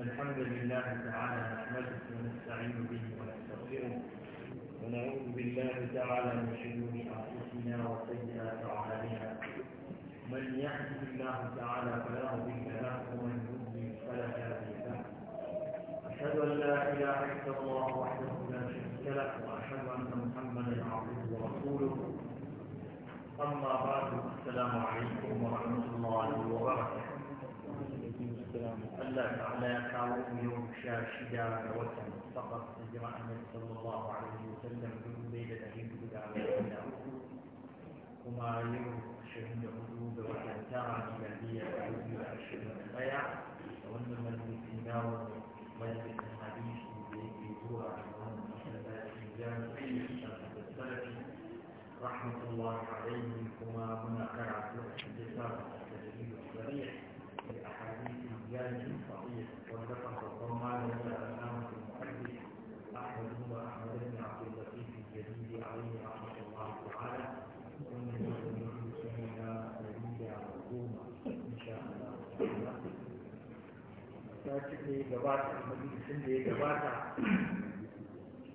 الحمد لله تعالى نحمده ونستعين به ونستغفره ونعوذ بالله تعالى من شرور أنفسنا وسيئات أعمالنا من يهده الله تعالى فلا مضل له ومن يضلل فلا هادي له أشهد أن لا إله إلا الله وحده لا شريك له وأشهد أن محمدا أما بعد السلام عليكم ورحمة الله وبركاته Allah ta'ala ya kawo yau sha shida ga watan takwas da jira annabi sallallahu alaihi wa sallam dubu ɗaya da ɗari hudu da arba'in da uku kuma yau wacce ta yi gabata a majalisun da ya gabata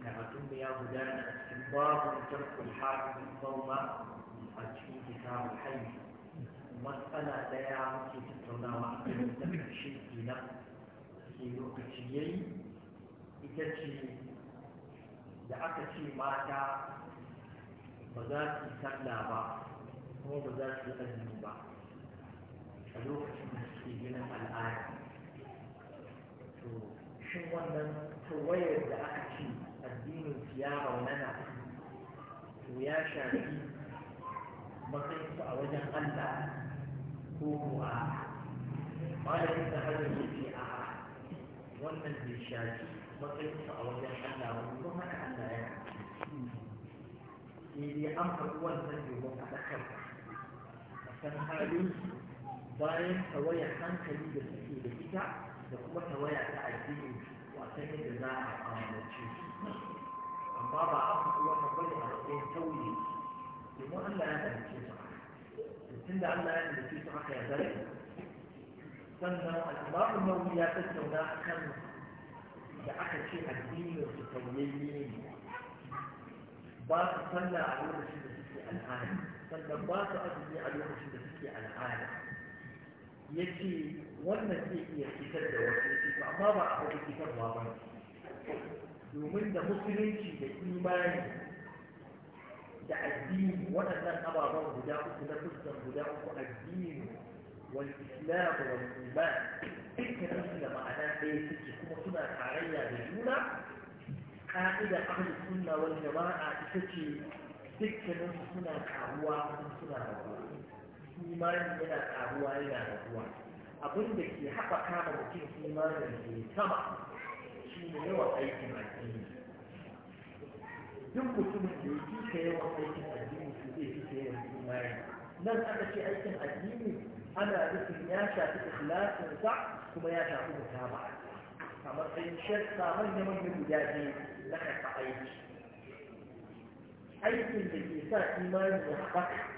karatun da ya gudana a cikin babu tarkul harin sauma a cikin mai haihu matsala daya muke tattaunawa a cikin ta ƙarshe kenan ke lokaci ya yi ita ce da aka ce mata ba za su yi sallah ba kuma ba za su yi azumi ba wannan tawayar da aka ce addinin ya raunana to ya shafi matsayinsu a wajen Allah ko kuwa malamin da hajjar ya ce a wannan bai shafi matsayinsu a wajen Allah wani don haka Allah ya sai dai an faɗi wannan domin a ɗakar a san halin bayan tawayar hankali da suke da ita da kuma tawaya ta addinin san da za a ambace su amma ba a faɗi wannan bane a matsayin tauye domin Allah ya halice su tun da Allah ya halice su haka ya zare sannan al'imamu nauyi ya tattauna a kan da aka ce addinin su tauyayye ne ba su sallah a lokacin da suke al'ada sannan ba su azumi a lokacin da suke al'ada ya ce wannan zai iya fitar da wasu amma ba a hau fitarwa ba domin da musulunci da imani da addini waɗannan ababen guda uku na fuskan guda uku addini wal islam wal iman dukkanin da ma'ana ɗaya suke kuma suna tarayya da juna ka'ida ahli sunna wal jama'a ita ce dukkanin suna karuwa suna rabuwa imani yana karuwa yana raguwa abin da ke haɓaka ma mutum imanin ke sama shi ne yawan aikin addini duk mutumin da ya ka yawan aikin addini su zai fi ka yawan nan aka ce aikin addini ana nufin ya shafi ikhlasinsa kuma ya shafi mutaba a matsayin shakka manyan manyan guda biyu na karɓa aiki aikin da ke sa imani ya haɓaka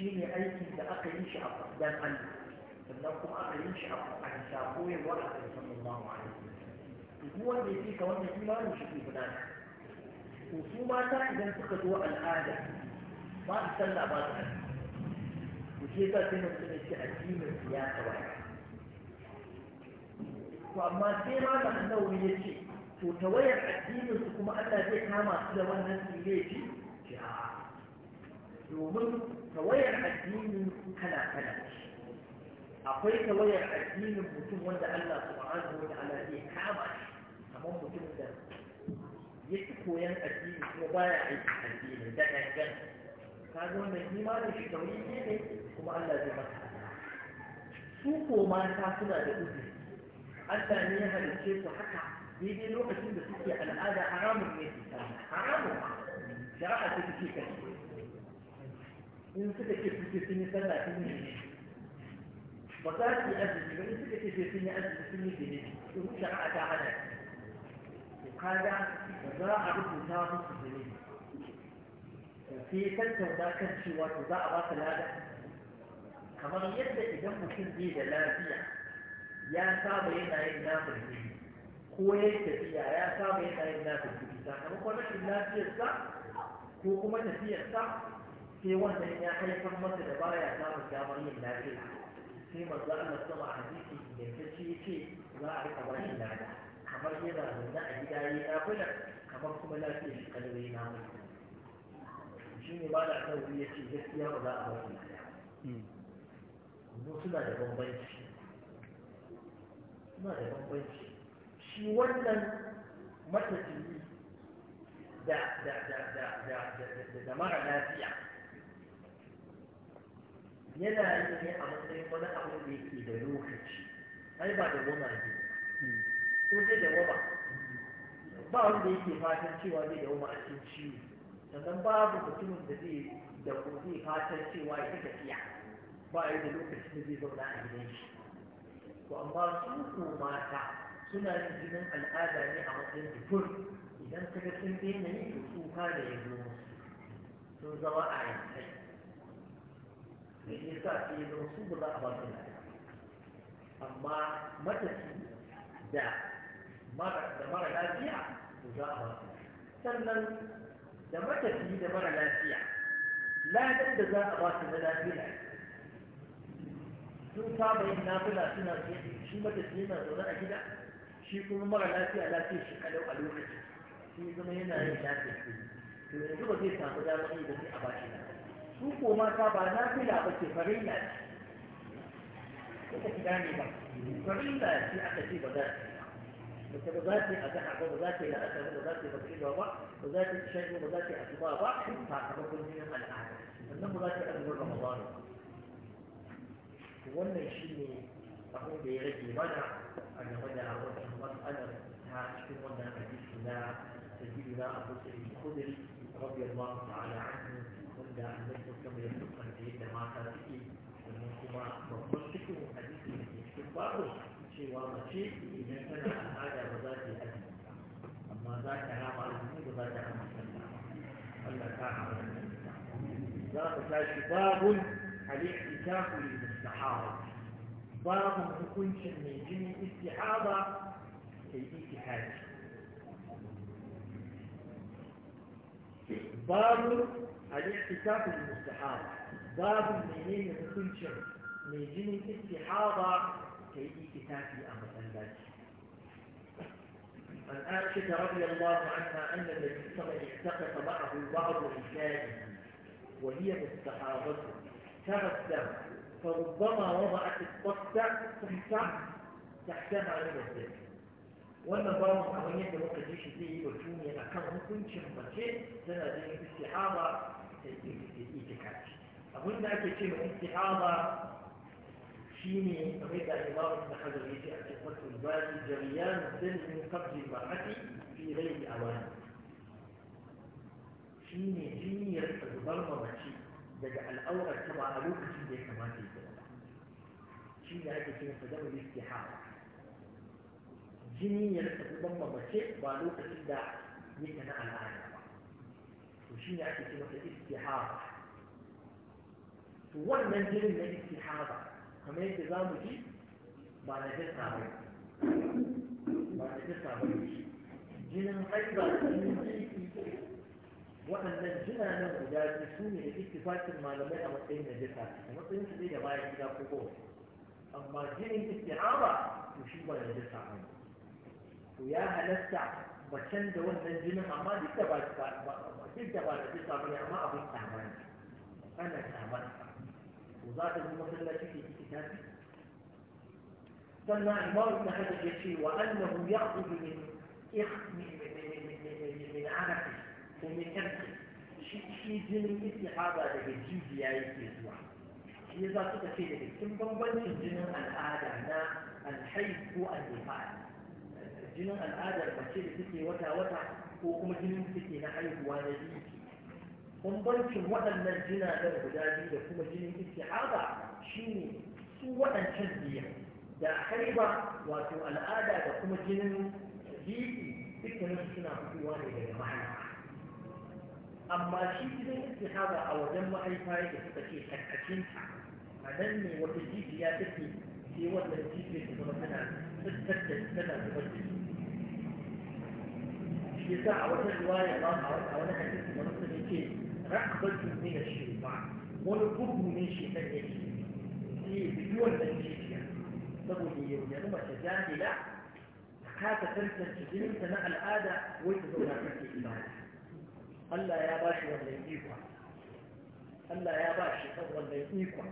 shi ne aikin da aka yi shi a dan Allah sannan kuma aka yi shi a bisa koyarwa a kan sallallahu alaihi wasallam duk wanda yake ka wannan imanin shi ke gudana to su mata idan suka zo al'ada ba su sallah ba su ku ce ta sai mutum ne ce addinin su ya kawai to amma sai ma da annabi ya ce to tawayar addinin su kuma Allah zai kama su da wannan tsire ce laifi domin tawayar addini kana kana akwai tawayar addinin mutum wanda Allah subhanahu wa ta'ala zai kama shi kamar mutum da ya ci koyan addini kuma baya aiki addini da gangan ka ga wannan imanin shi tauri ne kuma Allah zai masa su ko mata suna da uzuri Allah ne ya halicce su haka daidai lokacin da suke al'ada haramun ne su haramun shari'a ta ce kai in suka ce suke sun yi sallah sun yi ne ba za su yi azumi ba in suka ce sai sun yi azumi sun yi ne domin shari'a ta hana to kaga ba za a rubuta musu zuni sai ya tattauna kan cewa to za a ba ka lada kamar yadda idan mutum bai da lafiya ya saba yana yin namun ne ko ya tafiya ya saba yana yin namun ne sakamakon rashin lafiyarsa ko kuma tafiyarsa sai wannan ya haifar masa da baya samun damar yin lafiya sai manzo Allah sama a hadisi da ya ce za a rika shi lada kamar yana zaune a gida ya yi ɗakuna kamar kuma lafiyar shi kalau namu shi ne ba da sauri ya ce gaskiya ba za a bashi lada mu suna da bambanci suna da bambanci shi wannan matafiyi da da da da da da da mara lafiya yana yi ne a matsayin wani abu da yake da lokaci ai ba da goma ne ko zai da goma ba wanda yake fatan cewa zai da goma a cikin ciwo sannan babu mutumin da zai da zai fatan cewa ya tafiya ba yi da lokaci da zai zauna a gidan shi to amma su ko mata suna yin jinin al'ada ne a matsayin dufur idan ka ga sun daina yi su ka da ya zo sun zama a yankai da shi yasa sai ya zama su ba za a ba su lada amma matafi da mara lafiya ba za a ba su sannan da matafi da mara lafiya ladan da za a ba su na lafiya sun saba yin nafila suna shi matafi yana zaune a gida shi kuma mara lafiya lafiya shi kalau a lokaci shi zama yana yin lafiya to yanzu ba zai samu damar yi da sai a ba shi lafiya su ko mata ba na fila ba ce farilla ce kuka ki gane ba farilla ce aka ce ba za ta ba za ta a zahar ba za ta yi la'asar ba za ta yi bakila ba ba za ta yi shayi ba za ta yi asuba ba sakamakon jinin al'ada sannan ba za ta yi azumin ramadan wannan shi ne abin da ya rage mana a game da wannan matsalar ta cikin wannan hadisi na sayyidina abu sa'id khudri رضي الله تعالى عنه da mata suke sannan kuma babban cikin hadisi da ke cikin babu cewa mace idan tana al'ada ba za ta yi azumi amma za ta rama azumi ba za ta rama sallah Allah ta hawa za ka tashi babun al'i'tikafu lil mustahara babun hukuncin mai jinin istihaba kai ittihadi باب الاعتكاف المستحاضة باب المينين يتكون من ميجين استحاضة كي دي كتابي أمر الباج عن آشة رضي الله عنها أن الذي صلى اعتقد معه بعض رجاله وهي مستحاضة ترسل فربما وضعت الطفل تحت تحت معلومة ذلك وأن بعض الحوانيات الوقت الجيش فيه وشوني أنا كان ممكن شمبكين سنة دي استحاضة تجيب إيجي كاتش أقول ذلك كم انتحاضة شيني أريد أعبار من حجر إيجي أتفة الباس جريان الدل من قبل المرحتي في غير أوان شيني جيني يريد أدبر ممشي دقع الأورة تبع أبوك جيني كما في الدل شيني هذا كم قدم الاستحاضة جيني يريد أدبر ممشي بألوك جيني كما في الدل وشيني هذا كم قدم الاستحاضة to wannan jirin na istihaba kamar yadda za mu ji ba na jasa ba ba na jasa ba jinin haiba jinin jiki waɗannan jiranen guda biyu su ne da ittifaqin malamai a matsayin na jasa a matsayin su da bayan gida ko ko amma jinin istihaba to shi ba na jasa ba to ya halatta macen da wannan jinin amma duk da ba duk da ba da jasa ba ne amma abin tsamani ana tsamani za ta ji masallaci ke itikafi sannan imam ibn hajar ya ce wa annahu ya'khudhu min min arafi ko min irki shi shi jinin istihaba daga jijiya yake zuwa shi yasa za suka ce daga cikin bambancin jinin al'ada na alhaif ko al jinin al'adar mace da take wata-wata ko kuma jinin da na haihuwa na bambancin waɗannan jinanar guda biyu da kuma jinin istihada shine su waɗancan biyan da haiba wato al'ada da kuma jinin jiki dukkanin suna fitowa ne daga mahaifa amma shi jinin istihada a wajen mahaifa yake suka ce karkacinta a nan ne wata jijiya take sai wannan jijiya ta zama tana tattattar tana zubar da jini shi yasa a wata riwaya ba a wani hadisi da mutum yake رقبة من الشيطان ونقوم من شيطان يجي في بيون من شيطان تقول يوم يوم تجاهلا haka tantance jininta na al'ada wai ta zauna kake imani Allah ya ba wannan ikon Allah ya ba wannan ikon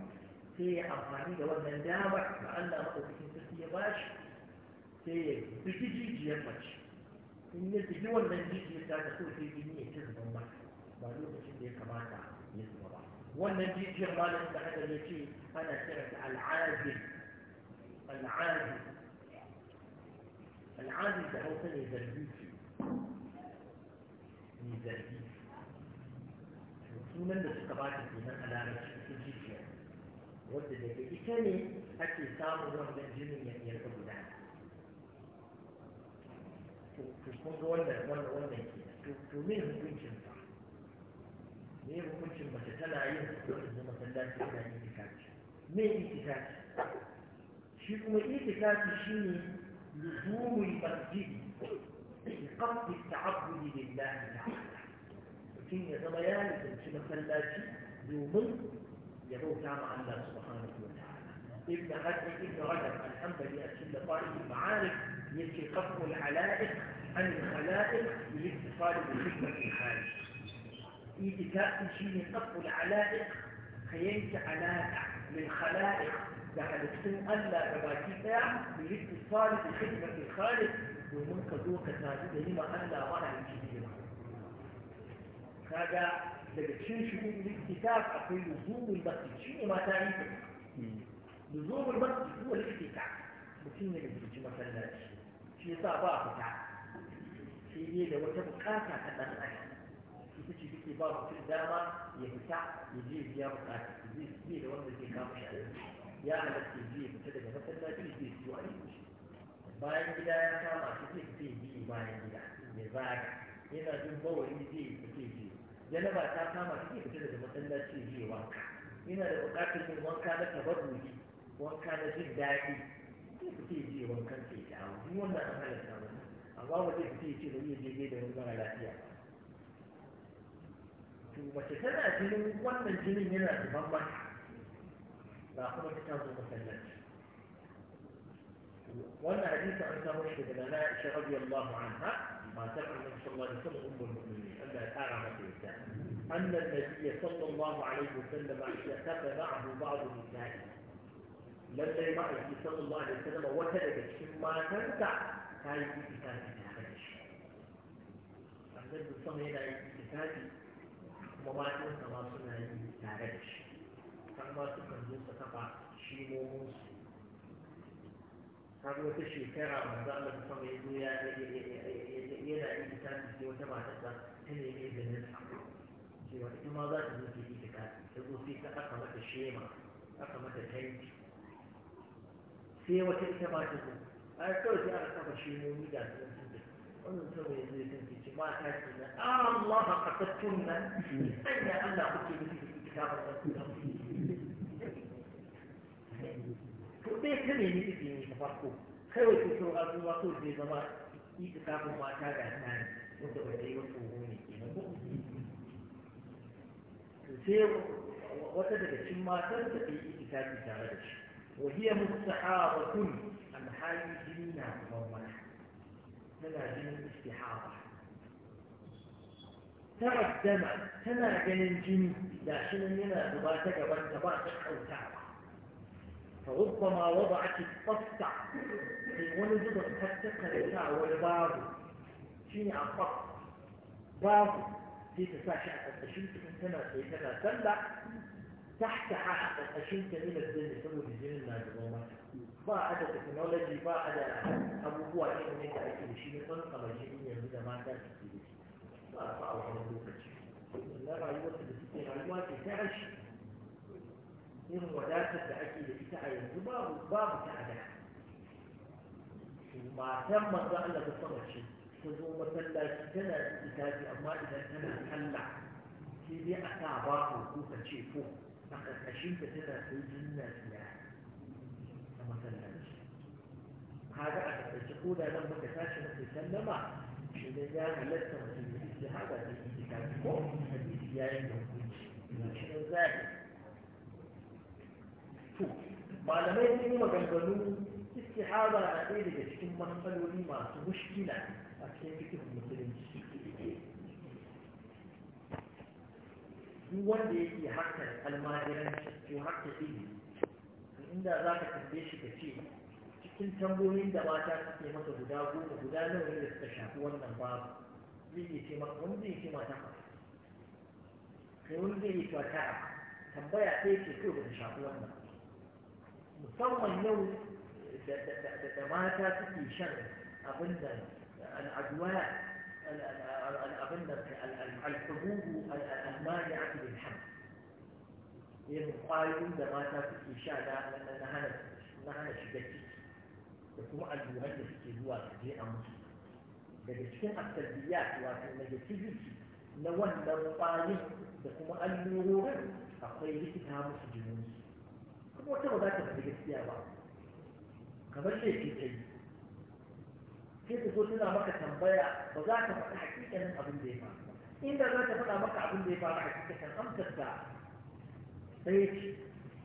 sai ya amfani da wannan damar da Allah maɗaukakin sarki ya ba sai ya biki jijiyar mace in ya biki wannan jijiyar so sai ya بعدين تشتري كمان يسمر والنبي جمال بعد النبي أنا سرت العادل العادل العادل ده هو تاني زلبيتي زلبيتي شو من بس كبار كتير من على رش تجيتي وده ده كي كني أتي سام وهم بنجيم يعني يركبوا ده شو شو من دول ده ولا ولا من كده شو شو مين هم بنجيم me ya hukuncin mace tana yin da masallaci tana yin itikafi me itikafi shi kuma itikafi shine luzumul masjid لقصد التعبد لله تعالى mutum ya zama ya nisanci masallaci domin ya bauta ma Allah subhanahu wa ta'ala ibn hajar ibn rajab al-hanbali a cikin lafa'il ma'arif yace qaful alaiq an al-khalaiq bil ittifaq bil hikmah al-khaliq إذا كان تجين طف العلائق خيانت علائق من خلائق لحد يعني السن ألا تباكي تاع بالاتصال بخدمة الخالق ومن قدوة كتابة لما ألا وعلى الجديد هذا لما تشين شكو الاكتتاب أقول لزوم البطل شين ما تعيبه لزوم البطل هو الاكتتاب بسين نجد مثلا في صعبات تاع في يده وتبقى تاع تبقى تاع mutunci suke ba mutum dama ya fita ya je biya bukata zai fiye da wanda zai kama shi a ya halatta je ya fita daga masallaci ya je ciwo a yi bayan gida ya kama shi zai fita ya biyu bayan gida ya zaga yana jin bawari zai fita ya biyu janaba ta kama shi zai fita daga masallaci ya je wanka yana da bukatar yin wanka na tabarruki wanka na jin daɗi zai fita ya je wankan ke ya dawo duk wannan an halatta mana amma wajen zai fita ya ce da wuya je da wani mara mace tana jinin wannan jinin yana zuban mata ba kuma ta zo masallaci wannan hadisi an samu shi daga na Aisha radiyallahu anha matar Annabi sallallahu alaihi wasallam ummul mu'minin Allah ya kara mata yadda أن النبي صلى الله عليه وسلم اعتكف معه بعض النساء لما رأيت صلى الله عليه وسلم وتلدت مما تنفع كان في كتاب النبي صلى الله عليه وسلم kuma gabaɗinsa kama suna yi tare da shi har ma su kan zo su kafa shimominsu har wata shekara manzo Allah ta sama yazo ya yana yi ta ce wata mata ta ta ne ne da nan cewa ita ma za ta zo ta yi ta ta zo sai ta aka mata shema aka mata tanki sai wata ita ma ta zo a kawai sai aka kafa shemomi da su wannan saboda zai san ke ce mata ce na Allah a kasattun nan sai da Allah kuke nufi da ita ba za ku to dai ka nemi izini na farko kawai ko kyau a zuwa ko zai zama ita kafin mata da ta ne wanda ba dai wasu ne kenan ko sai wata daga cikin matar da ta yi ita tare da shi وهي مستحارة عن حال دينها ومنها تماثيل استحاضة ترى الدمع تنا جنين لكن من تباتك وان أو تعبى فربما وضعت الطفع في ولد حتى قلتا والباب في عن باب في تساشع التشيط كما في سلع تحت حق أشين الزين الدنيا يسموا بالزين المعلومات بعد التكنولوجي بعد أبوه أشين من تأكيد شيء من كما جيني يمين ما كان تكيد ما أفعل عن الوقت لا رأيوة تبسيطين رأيوة تعش إن وداتا تأكيد تتعي باب باب تعدى ما تم الرأي بصمت شيء تزوم مثلا تنا إتاتي أما إذا تنا تحلع في دي أتعباكم تشيفوه فقط أشيء كثيرة في جنة لا كما تلعبش هذا أحد الشكولة لم تكتاش نفسي سلمة إن الله لست مجيب مثل هذا في إنتكاتكم حديث يا إنه كنش من ذلك ما لم يكن ما كان قانون استحاضة عقيدة كم من قالوا لي ما تمشكلة أكيد كيف مثل الشيء duk wanda yake harkar almajiranci ko harkar ilimi inda za ka tambaye shi ka ce cikin tambayoyin da mata suke masa guda goma guda nawa ne da suka shafi wannan babu zai iya ce maka wani zai ce mata ka kai wani zai iya cewa tambaya sai ce ko ba ta shafi wannan musamman yau da mata suke shan abin da al'aduwa الأغنة الحبوب المانعة للحمل yin kwayoyin da mata suke sha na hana shiga ciki da kuma alluran da suke zuwa su je a mutu daga cikin asalbiya wato negativity na wannan kwayoyin da kuma allurorin akwai likita musu jini kuma wata ba za ta fi gaskiya ba kamar laifi ta yi كيف تقول لنا مكة مضيع ضيع وقعت فتح حقيقة من أبن ديفا إذا لا تفتح مكة أبن ديفا كان أمسى الساعة طيب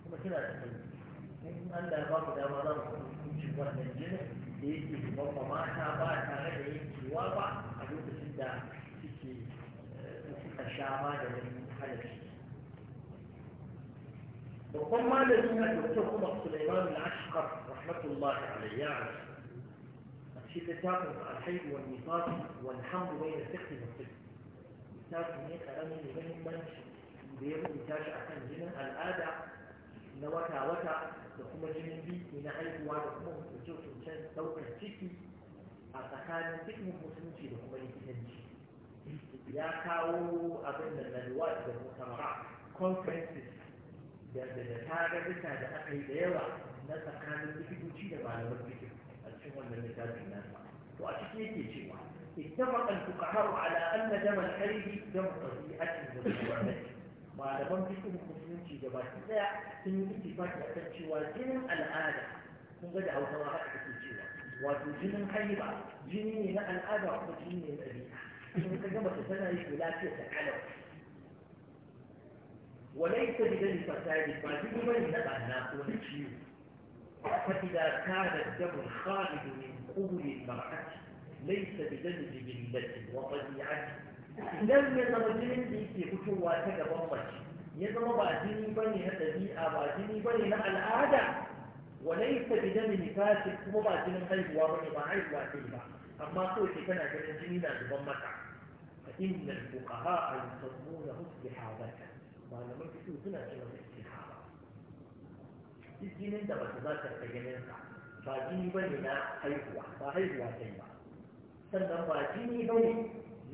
هم كنا أتكلم أن الله بابا دا ما دارك يجب أن ينجل يجي بابا ما شاء الله شاء الله يجي وابا أجوك سيدا سيكي الشعبة جميل حلق وقم ما لدينا كنت أقوم أقصد إمام العشقر رحمة الله عليه يعني شيء تتاكم الحيض والنفاق والحمل بين الفقه والطب littafin ne karamin da muhimmanci da ya rubuta shi akan jinin al'ada na wata-wata da kuma jinin biki na haihuwa da kuma hukunce-hukuncen ɗaukar ciki a tsakanin cikin musulunci da kuma likitanci ya kawo abin da nalwa da musamman conferences da tarurruka da aka yi da yawa na tsakanin likitoci da malaman bikin. cikin wannan littafin nan to a cikin yake cewa اتفق الفقهاء على أن دم الحيض دم طبيعة ومعدة malaman cikin musulunci da baki daya sun yi ittifaki a cewa jinin al'ada kun ga da hausa haka take cewa wato jinin haiba jini ne na al'ada ko jini ne na ɗabi'a in ka gama tana yi lafiya ta kalau walai ta gidan fasadi ba jini bane na ɓanna ko na ciwo فإذا كان الدم الخارج من قبل المرأة ليس بدم جبلته وطبيعة لم يترجم في كتوى تجبرت يضرب أدني بني هتبيئة وأدني بني مع الآدم وليس بدم فاسد كما بأدني خيب وابني بعيد وأدني أما قلت كان أجل جميلة بضمتك فإن الفقهاء يسمونه استحابة ما لم يكتبوا سنة الاستحابة duk jinin da mace za ta rika ganin sa ba jini ba ne na haihuwa ba haihuwa ta ba sannan ba jini ba ne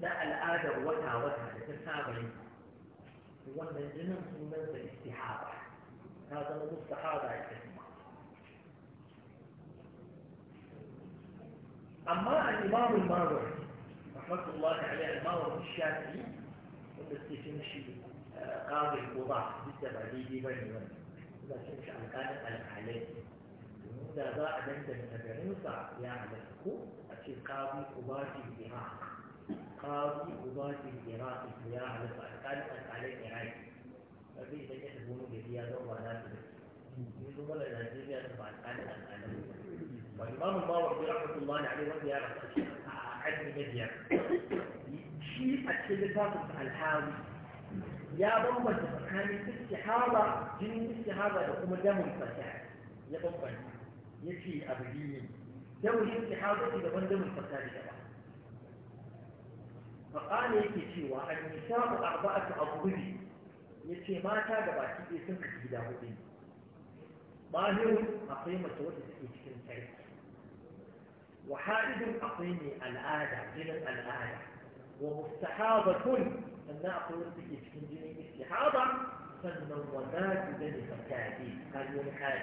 na al'adar wata-wata da ta saba yi wannan jinin sunan da istihaba ta zama mustahaba ita أما الإمام الماوردي رحمة الله عليه الماوردي الشافعي والذي تمشي قاضي القضاة بالتبع دي بني بني ba shi ka an kada alhalai domin da za a danganta garinsa ya halatta ko a ce kabi ubajin iraq kabi ubajin iraq ya halatta alkalin alkalin iraq a zai idan ya tafi wani gari ya zama ba na su da ni kuma da najeriya ta ba alkalin alkalin ba imamun bawon bi rahmatullahi alaihi wanda ya rasu a ajin na biyar shi a cikin littafin alhawi ya bambanta tsakanin istihaba jinin istihaba da kuma damar fasha ya bambanta ya ce abu biyu ne damun istihaba ce daban damun fasha ne daban ya ke cewa an nisabu arba'atu abubuwa ya ce mata da baki ɗaya sun kasu gida hudu ne ظاهر cikin وجد في الشمسية akwai ne al'ada إلى al'ada. ومستحاضة أن أقول في إسكندرية استحاضة فالنومات ذلك التعديل هل ينحاج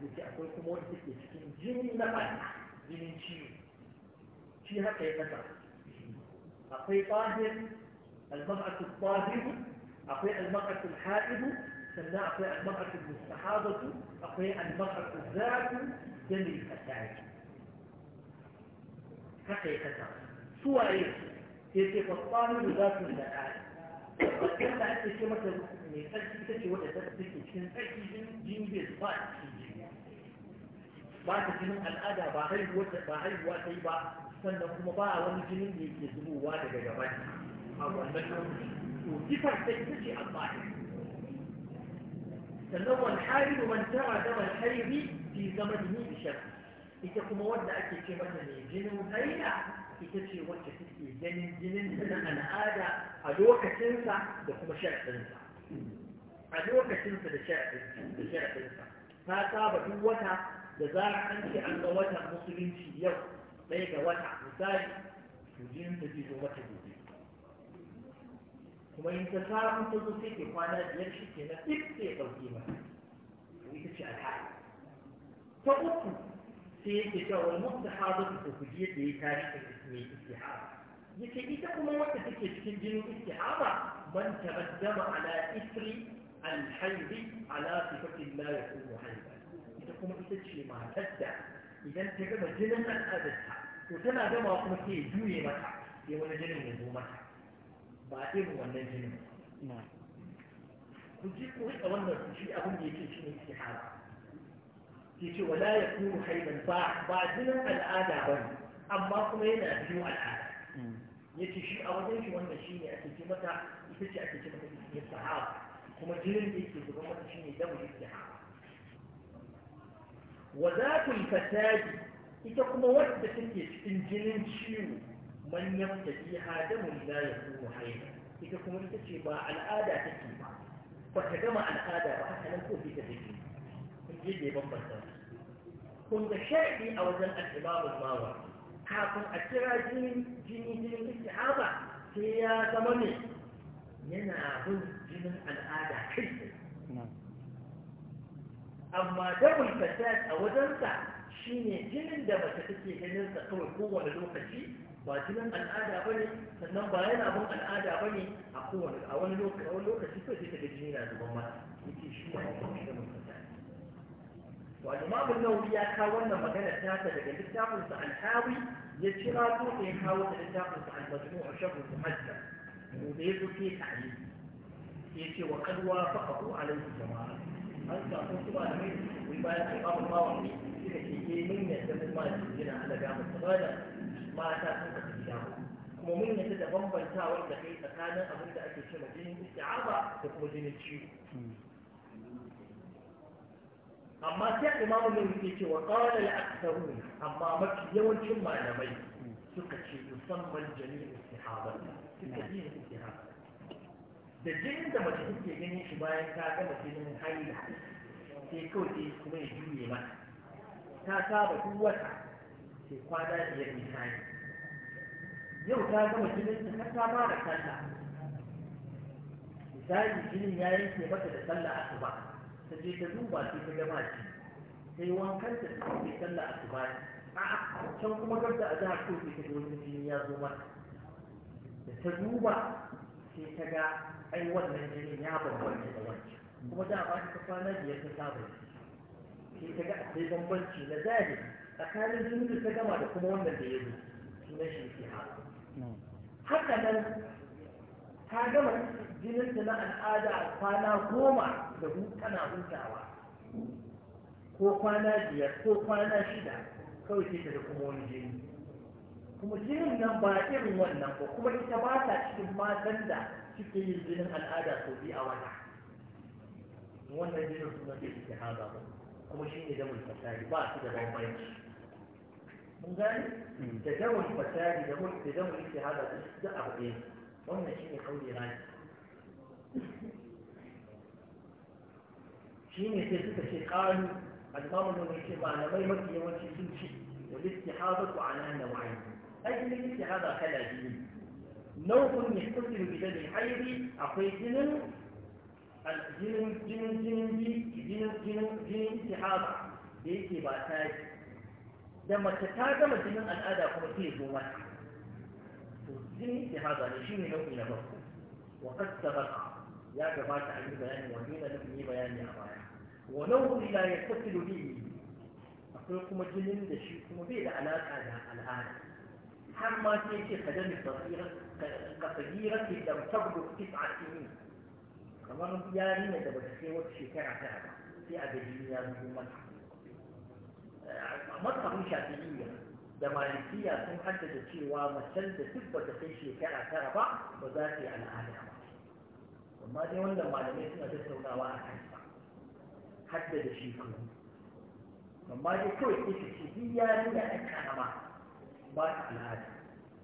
لتأكلكم وانت في إسكندرية لقد من شيء فيها كيف أقي طاهر المرأة الطاهر أقي المرأة الحائد سنة أقي المرأة المستحاضة أقي المرأة الزاد دليل التعديل حقيقة سوى إيه sai ce fasfani da za su da ƙari wajen da ake ce mata mai tsarki ita ce wadda ta take cikin tsarki jin jin ba a cikin jini ba ta jinin al'ada ba haihuwa ba haihuwa ta yi ba sannan kuma ba a wani jinin da yake zubowa daga gaba a wannan lokaci to kifar ta ita ce al'ada sannan wani haihu man tara da man haihu fi zama jini da shakka ita kuma wadda ake ce mata mai jinin haila ita ce wacce take ganin jinin na al'ada a lokacinsa da kuma sharaɗinsa a lokacinsa da sharaɗinsa ta saba duk wata da zara an ce an ga watan musulunci yau ɗaya ga wata misali to jinin ta zo wata gobe kuma in ta samu ta zo sai ke kwana biyar shi ke na duk sai ya ɗauke mata to ita ce al'ada ta uku sai yake cewa wal mustahabatu tufujiyya da ya tarihi ismi istihaba yake ita kuma wacce take cikin jinin istihaba man taqaddama ala isri al hayd ala sifatin la yakunu hayda ita kuma ita ce matar da idan ta gama jinin al'adarta to tana gama kuma sai juye mata sai wani jinin ya zo mata ba irin wannan jinin ku ji ku riƙa wannan shi abin da yake cikin istihaba yace wala yakunu haidan ba ba jinin al'ada ba ne amma kuma yana biyu al'ada yace shi a wajen shi wannan shine ake ce mata ita ce ake ce mata istihaba kuma jinin da yake zuba mata shine damu istihaba wa zatul fasadi ita kuma wadda take cikin jinin ciwo man yaftajiha damu la yakunu haidan ita kuma ita ce ba al'ada take ba ba ta gama al'ada ba haka nan ko ita take yadda bambanta kun ga shaɗi a wajen al'ibabul mawa kafin a kira jini jini jinin istihaba sai ya zama ne yana bin jinin al'ada kai amma dabul fasad a wajensa shine jinin da mace take ganin sa kawai kowane lokaci ba jinin al'ada ba ne sannan ba yana bin al'ada ba ne a kowane a wani lokaci a wani lokaci kawai sai ta ga jini na zuban mata yake shi ne da mutum والإمام النووي يكاونا مجانا ثلاثة لكن بالتاقل عن حاوي يتشراته يكاونا بالتاقل عن مجموع شر المحجة وبيض في تعليم يتي وقد وافقه عليه الجماعة أنت أقول أنا من ويبقى الإمام النووي إذا كي من يتم ما يتجينا على جامعة الصغيرة ما تاقل الجامعة kuma mun yadda da bambantawar da kai tsakanin abin da ake cewa jinin isti'aba da kuma jinin ciwo amma sai imamu ne ya ce wa qala al aktharu amma mafi yawancin malamai suka ce musamman jami'in istihaba da jinin da mace take ganin shi bayan ta gama jinin haila sai kawai sai kuma ya juye mata ta saba duk wata sai kwana biyar misali yau ta gama jinin ta ta saba da sallah misali jinin ya yanke mata da sallah asuba ta je ta duba sai ta gama shi sai wankan ta sai sallah asuba a can kuma gaba a jihar ko ta ga wani jini ya zo mata da ta duba sai ta ga ai wannan jini ya bambanta da wancan kuma da ba ta kwana biyar ta saba sai ta ga akwai bambanci na zahiri tsakanin jini da ta gama da kuma wannan da ya zo shi na shi ke haka nan ta gama jinin ta na al'ada kwana goma hudu kana hutawa ko kwana biyar ko kwana shida kawai sai ta da kuma wani jini kuma jinin nan ba irin wannan ba kuma ita ba ta cikin matan da suke yin jinin al'ada ko biyu a wata wannan jinin suna ke suke haɗa ba kuma shi ne damun fasari ba su da bambanci mun gani hmm. da damar fasari da mun da damun yake haza da su da abu ɗaya wannan shi ne kawai rani shi ne sai suka ce ƙalu al-imamu nawawi ce malamai mafi yawanci sun ce da istihadatu ala nawayi ajin istihada kala biyu nau'un yahtasilu bi dami haidi akwai jinin jinin jinin jinin jinin jinin jinin istihada da yake ba ta da mace ta gama jinin al'ada kuma ke zo mata to jinin istihada ne shi ne nau'i na farko wa qad sabaqa ya gabata a yi bayani wanne na nufin yi bayani a baya Wani wuri na ya la yattasilu ne. akwai kuma jinin da shi kuma bai da alaƙa da al'ada har ma sai ce ka dami kasagira ke da tabbu tis'a sinin kamar yarinya da ba ta kai wata shekara ta ba sai a gajini ya zo mata a shafi iya, da malikiya sun haddada cewa macen da duk ba ta kai shekara tara ba ba za ta yi al'ada ba amma dai wannan malamai suna tattaunawa a Hadda da shi shekaru amma dai kawai ita ce duk yarinya ɗan karama ba ta al'ada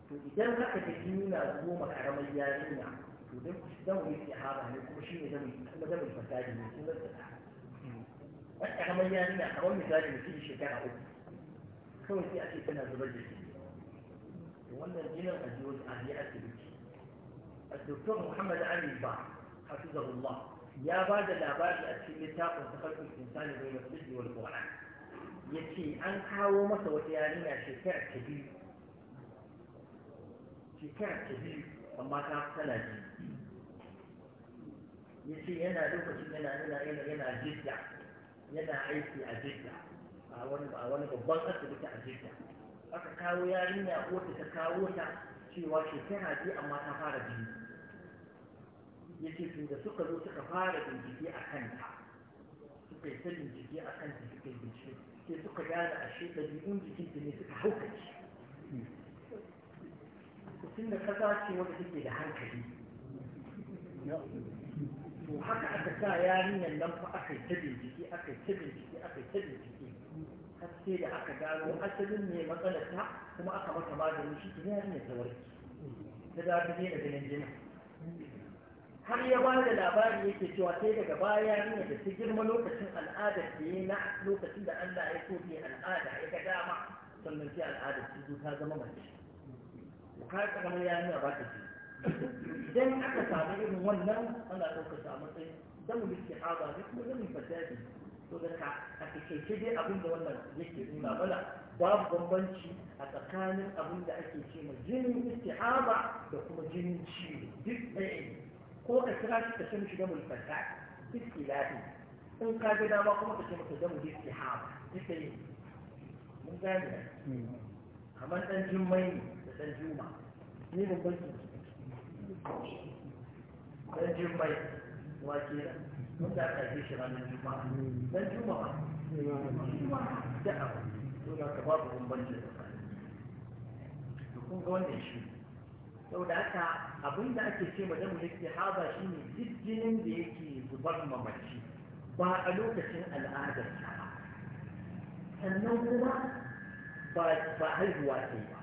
to idan haka ta jini na goma karamar yarinya to dan ku dan wani sahaba ne kuma shine zan kuma zan yi fasadi ne kuma zan ta wani karamar yarinya kamar misali mutum shekara uku kawai sai a ce tana zubar da jini wannan jinin a jiyo a je asibiti الدكتور محمد علي البعض hafizahullah ya ba da labari a cikin littafin tafarkin insani bai na sirri wal qur'an yace an kawo masa wata yarinya shekara ta biyu shekara ta biyu amma ta tana biyu yace yana lokacin yana yana yana yana jidda yana aiki a jidda a wani a wani babban asibiti a aka kawo yarinya ko ta kawo ta cewa shekara biyu amma ta fara biyu yake tun da suka zo suka fara bincike a kanta suka yi ta bincike a kanta suka yi bincike sai suka gane a shi ɗabi'un jikinta ne suka haukace tun da kasa ce wanda take da hankali to haka aka sa yarinyar nan fa aka yi ta bincike aka yi ta bincike aka yi ta bincike har sai da aka gano asalin ne matsalar ta kuma aka mata magani shi ta yarinyar ta warke ta da ta daina ganin jinin har ya ba da labari yake cewa sai daga baya ne da su girma lokacin al'adar da ya na lokacin da Allah ya so bai al'ada ya ga dama sannan sai al'ada su zo ta zama mace ka ka kamar ya nuna ba ta ce idan aka samu irin wannan ana ɗauka samu matsayin dan mu ke haɓa ne kuma zan yi fasadi to da ka a takaice dai abin da wannan yake nuna mana babu bambanci a tsakanin abin da ake ce ma jinin istihaba da kuma jinin ciwo duk ɗaya ne ko ka kira shi ka ce mishi damul fasad lafi, in ka ga dama kuma ka da masa damul ha duka yi mun gane kamar dan jummai ne da dan juma ni ban bar dan jummai wace mun da aka yi shi ranar juma'a dan juma'a da abu to da ka babu bambanci da kun ga wannan shi saboda haka abin da ake ce madamu yake haɗa shi ne duk jinin da yake zubar mamaci ba a lokacin al'adar ba sannan kuma ba haihuwa ce ba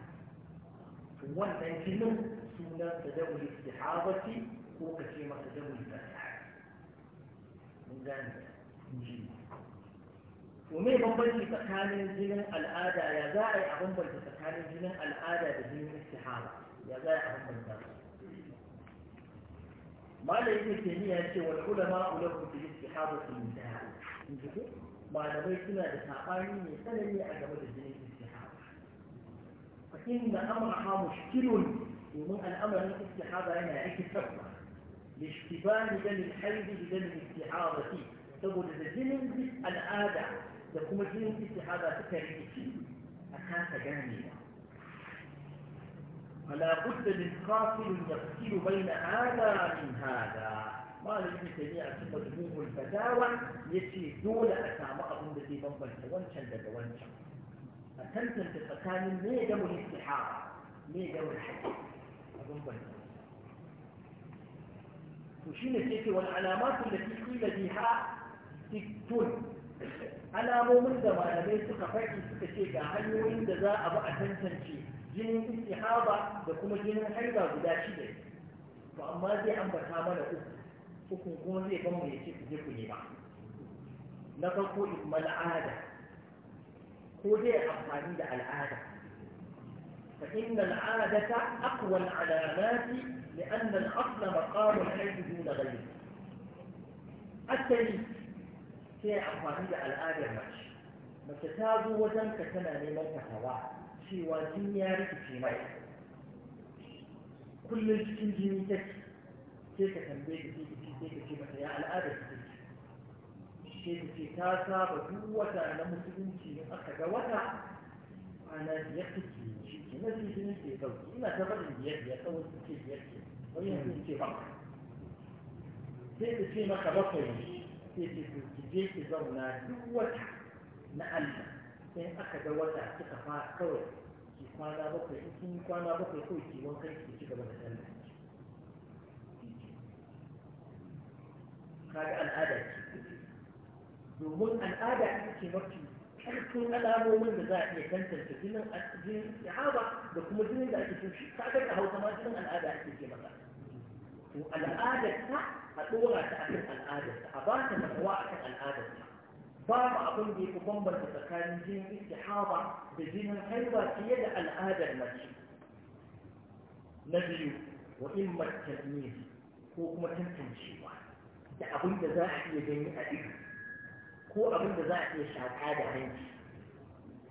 wannan jinin sunan tadawul istihabati ko ka ce masa tadawul fasad mun gane jini to me bambanci tsakanin jinin al'ada ya za a yi a bambanta tsakanin jinin al'ada da jinin istihaba ما لديه تهنية أشياء والعلماء لكم في الاتحاب في المنتهى نجده؟ ما لديه سنة لساقاني يسألني أجابة الدنيا في الاتحاب فإن أمرها مشكل ومن الأمر من الاتحاب أنا أعيك سبب لاشتبال دم الحيض بدم الاتحاب فيه تقول إذا جنن بس الآدع تقوم جنن في الاتحاب فكريتي أكاس جانبا فلا بد للقاتل يقتل بين هذا من هذا ما لابن تيمية ثم تقوم الفتاوى يتي دول أسامعهم الذي ضم الدونشا لدونشا فكنت انت فكان ميدم الاستحارة ميدم الحكم ضم الدونشا وشين السيتي والعلامات التي قيل بها ست مو من زمان بيتك فاكي ستة شيء قاعد يقول إن ذا أبغى أتنسى شيء jinin istihaba da kuma jinin haiba guda shida to amma zai ambata mana uku uku kuma zai ban mu yace ku je ku nema na farko ikmal ada ko dai amfani da al'ada fa inna ta aqwa al'alamati لأن الأصل مقام الحيث دون غيره asali sai amfani da al'adar mace mace ta zo wajen ka tana neman ka cewa jin ya rikice mai kullum cikin jini ta ce ka tambaye ka ce ka ce ka ce mata ya al'ada ta ce ce ta ce ta saba duk wata na musulunci in aka ga wata ana biyar ta ke shi ke na ce jini ke sauki ina ta faɗin biyar biyar ta wasu ce biyar ke wani yanzu ce ba sai ta ce maka bakwai sai ce ki je ki zauna duk wata na Allah Sai aka ga wata suka fa kawai ki kwana bakwai in kin kwana bakwai kawai ki wankan ki ci gaba da sallah kaga al'ada ce domin al'ada ita ce mafi karfin alamomin da za a iya tantance jinin jinin da kuma jinin da ake tunshi kaga da hausa ma jinin al'ada ake ce maka to ta a ɗora ta akan ta a ba ta makawa akan ta. babu abin da yake bambanta tsakanin jinin istihaba da jinin haihuwa fiye da al'adar mace na biyu wa imma tamiz ko kuma tantancewa da abin da za a iya gani a ido ko abin da za a iya shaƙa da hanci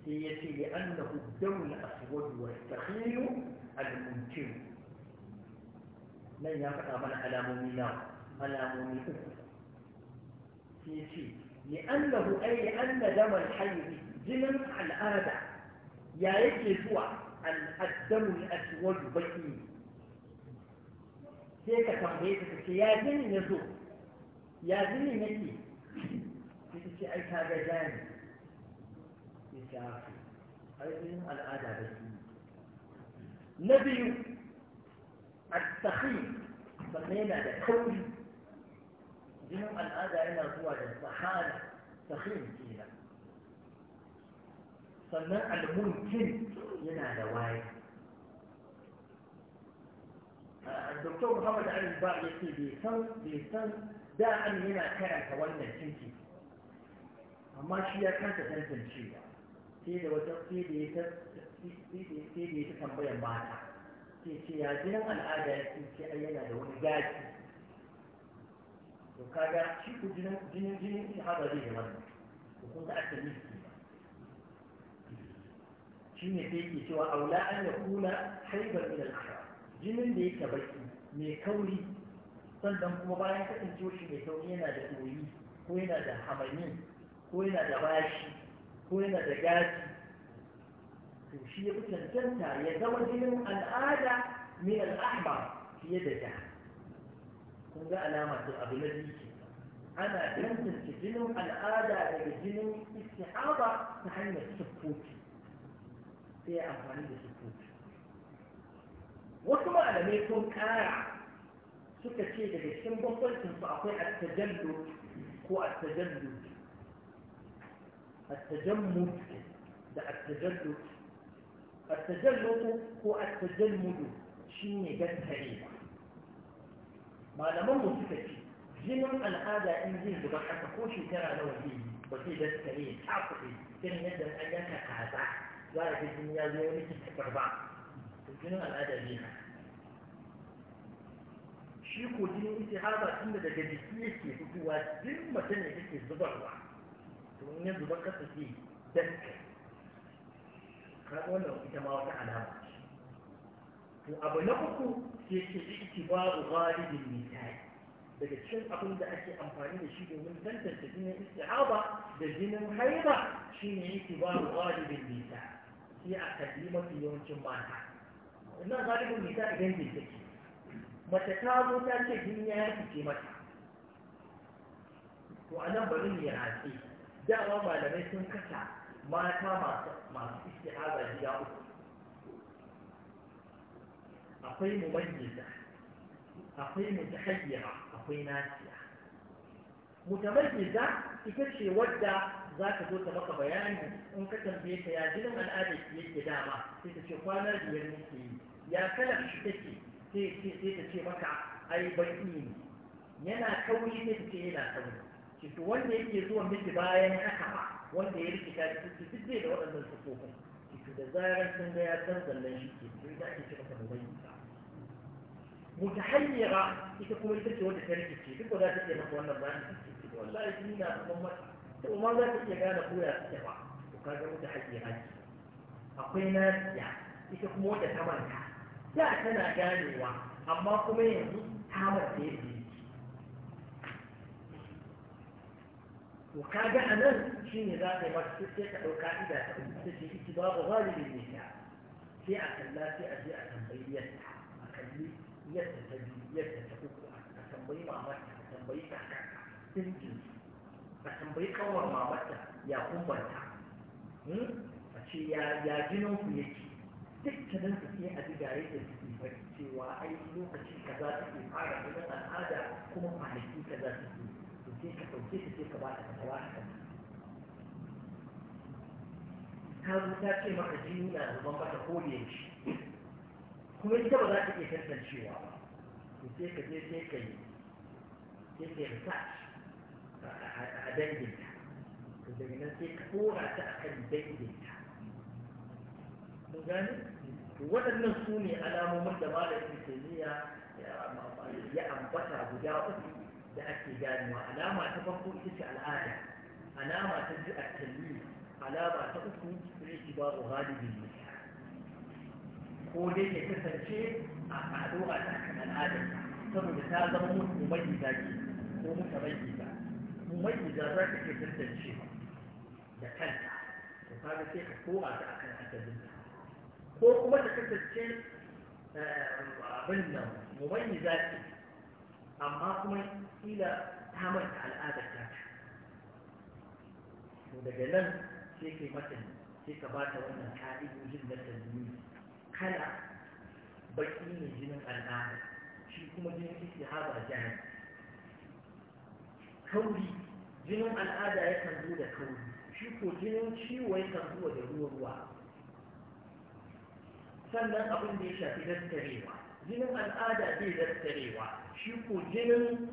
sai ya ce ya annahu dawl aswad wa sakhil al nan ya faɗa mana alamomi na alamomi uku sai ya ce لأنه أي لأن دم الحي جنم الآدى يا يجي هو الدم الأسود بكي sai ka tambaye ka ce ya jini ya zo ya jini nake sai ta ce ai ka ga jani ya al'ada da na biyu a tsahi sannan yana da kauri jinin al'ada yana zuwa da sahana sahin kenan sannan almunkin yana da waya Dr. Muhammad Ali ba ya ce bai san da an yana karanta wannan cinki amma shi ya kanta tantancewa sai da wata sai da ya ta tambayar mata sai ce ya jinin al'ada ya ce yana da wani gaji to kaga shi ku jinin jinin shi haɗa zai wannan ku kun ga asali shi shi ne sai yake cewa aula an ya kula haibar min al jinin da yake baki mai kauri sannan kuma bayan kasancewa shi mai kauri yana da ɗoyi ko yana da hamani ko yana da bashi ko yana da gaji to shi ya fi ya zama jinin al'ada min al fiye da ta. kun ga alama to abu na biyu ana tantance jinin al'ada daga jinin istihaba ta hanyar siffofi sai amfani da siffofi wasu malamai sun kara suka ce daga cikin bambancin su akwai at ko at-tajallu da at-tajallu ko at-tajammudu shine gaskarewa malaman mu suka ce jinin al'ada in jin zuba ƙasa ko shekara nawa zai yi ba zai da suka yi ta kuɗi irin yadda an yanka kaza za a ga jini ya zo wani tafar ba jinin al'ada ne na shi ko jinin ita ba tun da daga jiki yake fitowa jin mace ne take zubarwa to in ya zuba ƙasa zai daskare kaga wannan ita ma wata alama abu na uku ke ce ikibaru ghalibin misali daga cikin abin da ake amfani da shi domin tantance jinin istihaba da jinin haira shine ikibaru ghalibin misali sai a kalli mafi yawancin mata wannan galibin nisa idan bai take mace ta zo ta ce jini ya rikice mata to a nan bari ne hatsi dama malamai sun kasa mata masu istihaza ya uku akwai mumayyiza akwai mutahayyira akwai nasiya mutamayyiza ita ce wadda za ta zo ta maka bayani in ka tambaye ta ya jinin al'adar ki yake dama sai ta ce kwana biyar nake yi ya kalar shi take sai ce sai ta ce maka ai baki ne yana kauri sai ta ce yana kauri ki to wanda yake zuwa miki bayan haka ba wanda ya rikita ki duk zai da waɗannan sufofin da zarar sun ga ya san zallan shi ke sai da ake ce masa mubayyita mutahayyira ita kuma ita ce wanda ta rikice duk da za ta iya maka wannan bayan ta ce wallahi ni na kuma mata to ma za ta iya gane ko ya take ba to kaga mutahayyira ce akwai na nasiya ita kuma wanda ta manta da tana ganewa amma kuma yanzu ta manta yadda to kaga a nan shi za ka yi masu sai ka ɗauka ida ta ta ce ita ba ba ba ne ne ta sai a kalla sai a je a tambayi yadda a kalli yadda ta biyu yadda ta uku a tambayi mamarta a tambayi kakarka dindin a tambayi kawar mamarta ya kumbanta hmm? a ce ya jinin ku yake dukkanin su sai a ji gare da suke fari cewa ai lokaci kaza suke fara ganin al'ada kuma kwanaki kaza suke sai ka ɗauke shi sai ka ba ta fatawa a kan ta zo ta ce maka jini na zuban mata ko da yaushe kuma ita ba za ta iya tantancewa ba to sai ka je sai ka yi sai ka yi research a danginta to daga nan sai ka kora ta a kan danginta kun gane waɗannan su ne alamomin da malamin kimiyya ya ambata guda uku da ake ganewa alama ta farko ita ce al'ada alama ta ji at alama ta uku shi ba ghalibin nisa ko dai ya kasance a kado a takan al'ada, saboda ta zama mutu mai zaki, ko Mu bayyiza zaki za ta ke tantance da kanta to kaga sai ka kora ta akan asalin ko kuma ta kasance eh, abin nan mai zaki. amma kuma ila ta manta al'adar ta to daga nan sai kai mata sai ka ta wannan da na yi kala baki ne jinin al'ada shi kuma jinin istihaba jani kauri jinin al'ada kan zo da kauri shi ko jinin ciwo kan zuwa da ruwa ruwa sannan abin da ya shafi daskarewa jinin al'ada zai daskarewa shi ko jinin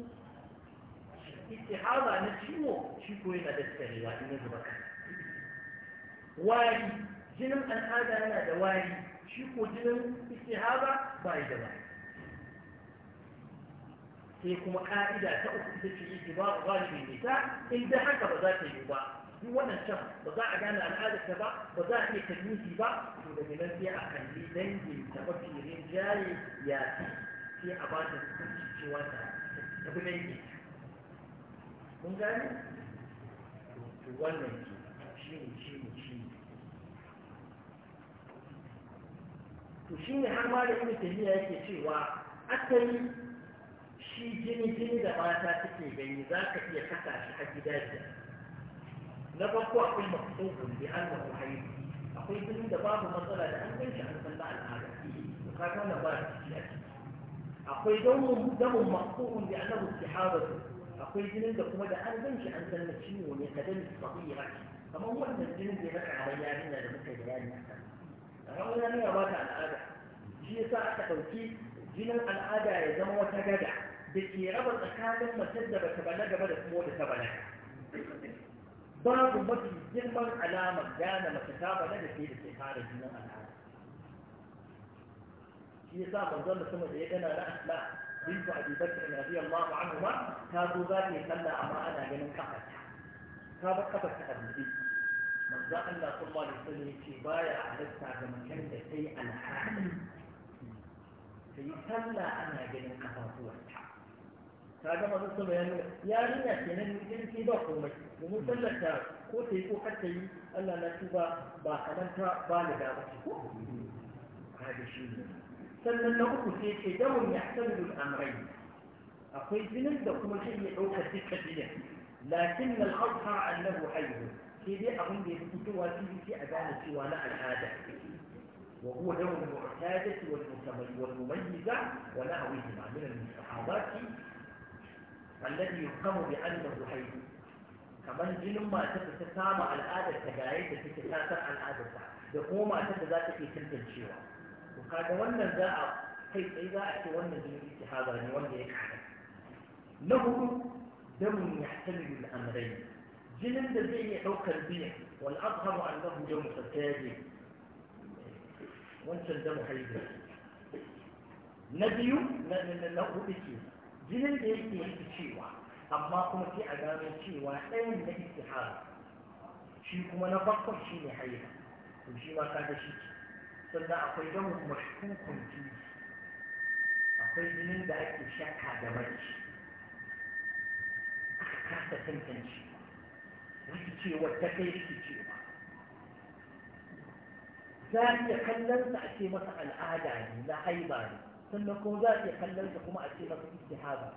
istihaba na ciwo shi ko yana daskarewa in zuba kan wari jinin al'ada yana da wari shi ko jinin istihaba ba da wari sai kuma ka'ida ta uku ita ce ijiba'u ghalibin nisa in inda haka ba za ta yi ba في وانا شهر بضاع جانا على هذا السبع بضاع في تجميل سبع وده جمال في أخلي زنجي سبب في رجال ياتي في عبادة كل شيء وانا طب من جي من جانا وانا جي شيني شيني شيني وشيني حرمالي اني تهيئة يكي شيوا أتني shi jini jini da ba ta suke gani za ka iya kasa shi a gidajen na farko akwai mafito gobe da kuhari akwai jini da babu matsala da an gani a kan al'ada da kakan da ba a ciki a akwai gamun gamun mafito gobe an gani akwai jini da kuma da an gani an na ciwo ne ka gani su mafi yi haɗi kamar wannan jini da ya raka a rayuwa yana da muka bayani a kan a kan wani ba ta al'ada shi yasa aka ɗauki jinin al'ada ya zama wata gada da ke raba tsakanin mace da ba ta bala gaba da kuma da ta bala باب mafi girman علامة جانا مكتابة لدى bada da ke da ke fara jinin al'ada shi yasa manzon da بنت ابي بكر رضي الله عنهما كانوا ذاتي خلى اما لمن من كفتها كانت كفتها حديثي من أن لا صلى الله عليه وسلم في بايع عليها كما كانت شيئا حالا في صلى انا من كفتها ka ga manzo sama ya nuna yarinya kenan in ke ba komai domin sallar ta ko ta yi ko kar yi Allah na ci ba kamar ta ba da dama ko ka da shi sannan na uku sai ce dawun ya sabu amrai akwai jinin da kuma shi ya dauka dukkan jinin lakin al-azhar annahu hayy sai dai abin da ya fitowa shi a gane cewa na al'ada وهو لون wa والمميزة ونحوهما من المستحاضات الذي يقام بأنه حيث kamar jinin matar da ta kama al'adar ta ga yadda take tasar al'adar ta da kuma matar da za ta iya tantancewa to kaga wannan za kai tsaye za a ce wannan jinin ittihaba ne wanda ya kada na hudu damun yahtamilu al-amrayn jinin da zai iya daukar biya wal wancan na biyu na na na ke jinin da yake rikicewa amma kuma sai a gano cewa ɗayan na istihara shi kuma na farkon shi ne haila to shi ma kada shi sannan akwai damun mashkukun jini akwai jinin da ake shakka da mace aka kasa tantance rikicewar ta kai rikicewa za a iya kallon sa a masa al'ada ne na haiba ne sannan kuma za a iya kallon ta kuma a ce masa haɗa,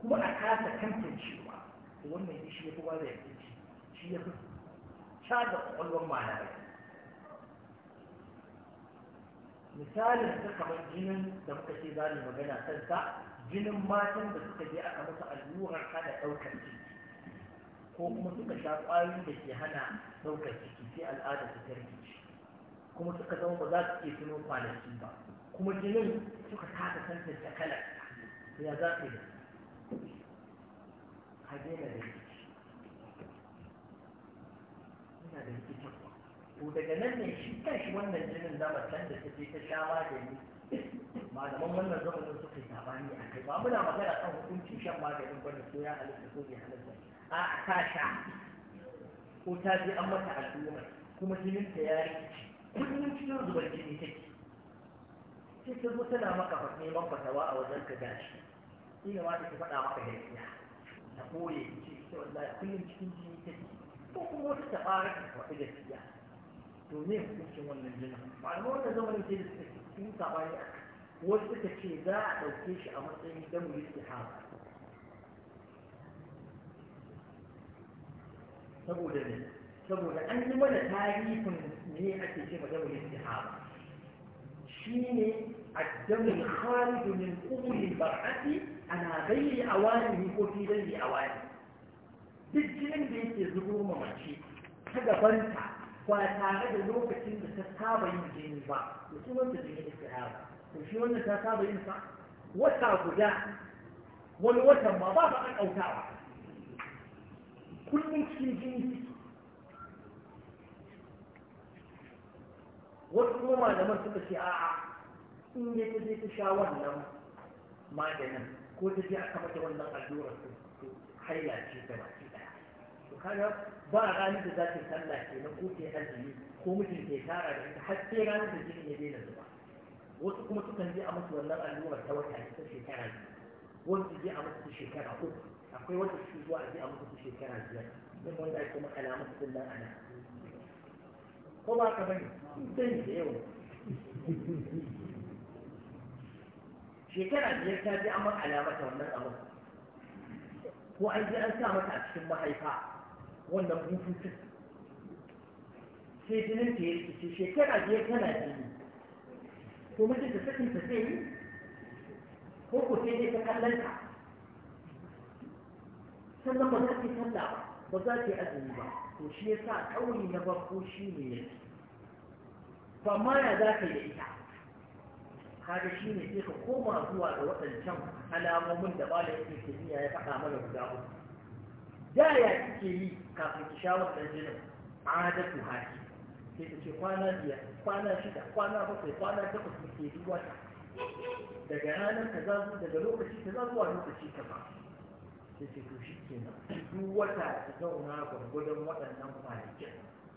kuma a kasa kantancewa da wannan shi ya fi ba da yankinci shi ya fi caga kwakwalwar malamai misalin ta kamar jinin da muka ce za mu magana kansa jinin matan da suka je aka musu allurar hana ɗaukar ciki ko kuma suka sha ƙwayoyin da ke hana ɗaukar ciki sai al'ada su tarbici kuma suka zama ba za su iya tuno kwanaki ba kuma jinin suka taka kasa tantance kalar ya za su yi ka na da rikici ina da rikicin ba to daga nan ne shi kanshi wannan jinin na macen da ta je ta sha magani malaman wannan zamanin suka yi sabani a kai ba muna magana kan hukuncin shan maganin bane ko ya halitta ko bai halitta a ta sha ko ta je an mata al'umma kuma jinin ta ya rikici kullum cikin zubar jini take sai ta zo tana maka man fasawa a wajen ka gashi ina ma ta faɗa maka gaskiya ta koye ce ita wallahi kullum cikin jini take ko kuma wata ta fara ta faɗi gaskiya to ne hukuncin wannan jinin malamai wannan zamanin sai da suka ce sun sabani a wasu suka ce za a ɗauke shi a matsayin mu yi istihaba saboda ne saboda an yi mana tarihin ne ake ce madawar istihara shi ne الدم الخارج من قبل المرأة على غير أوانه وفي غير أوانه بالجنن بيت زبور مماشي هذا بنتا وتعرض لوكة تستابع الجنين با وشو أنت جنين استهابة وشو أنت تستابع ينفع وتعبدا والوتم ما بعض أن أوتاوع كل من في جنين wasu kuma malaman suka ce a'a in ya ta je ta sha wannan maganin ko ta je aka mata wannan allurar to haila ce ta baki daya to kaga ba ranar da za ta sallah ke na ko ta azumi ko mutum ke tara da ita har sai ranar da jini ya daina zuba wasu kuma sukan je a musu wannan allurar ta wata ta shekara biyu wasu je a musu shekara uku akwai wata shi zuwa a je a musu shekara biyar don wanda ake makala musu sun nan ana ko ba ka bane sai da yau shekara biyar ta ji amma makala mata wannan abin ko an ji an sa mata a cikin mahaifa wannan bututun sai jinin ta yi ce shekara biyar tana jini ko mace ta sakin ta sai ko ko sai dai ta kallon ta sannan ba za ta yi sallah ba ba za ta yi azumi ba to shi ya sa ƙauni na farko shi ne ya ce ba ma ya za ka yi ita kaga shi ne sai ka koma zuwa ga waɗancan alamomin da ba da yake kimiyya ya faɗa mana guda uku da ya kike yi kafin ki sha wannan jinin adatu haki sai ka ce kwana biyar kwana shida kwana bakwai kwana takwas kike duk wata daga ranar ka za daga lokaci ka za zuwa lokaci ka ba sai ce to shi ke nan duk wata ta zauna gwargwadon waɗannan kwanakin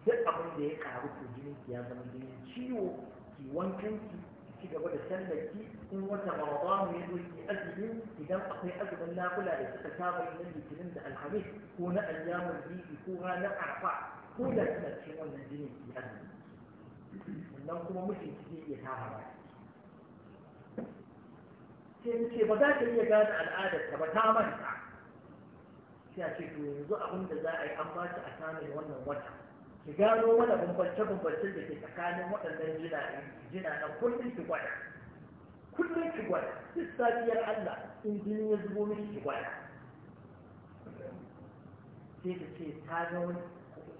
duk abin da ya karu to jinin ki ya zama jinin ciwo ki wankan ki ci gaba da sallar ki in wata ba ya zo ki azumin idan akwai azumin nakula da suka saba yin litinin da alhamis ko na ayyamin bibi ko ranar arfa ko da kina cikin wannan jinin ki azumi Wannan kuma mijinki zai iya tara ba. sai ce ba za ka iya gane al'adarta ba ta manta sai a ce to yanzu abin da za a yi an ba shi a samun wannan wata ki gano wani bambance bambance da ke tsakanin waɗannan jina na kullum ki gwada kullum ki gwada duk safiyar Allah in jini ya zubo miki ki gwada sai ta ce ta ga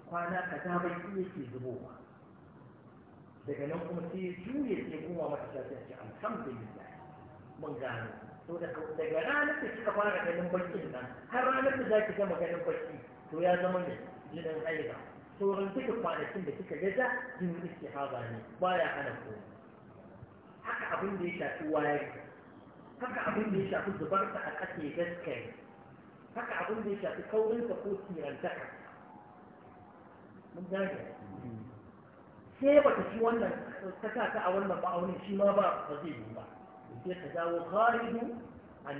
kwana kaza bai iya ke zubowa daga nan kuma sai ya juye sai kuma mata ta ce alhamdulillah mun gano to daga ranar da kika fara ganin bakin nan har ranar da za ki gama ganin baki to ya zama ne jinin haila sauran duka kwanakin da kika gaza jinin haba ne baya hana ko haka abin da ya shafi wayar haka abin da ya shafi zubar ta a ƙasa gaskari haka abin da ya shafi kaurin ka ko tirantaka mun gane sai ba ta ci wannan ta sa ta a wannan ma'aunin shi ma ba ba zai yi ba sai ta dawo kharidu an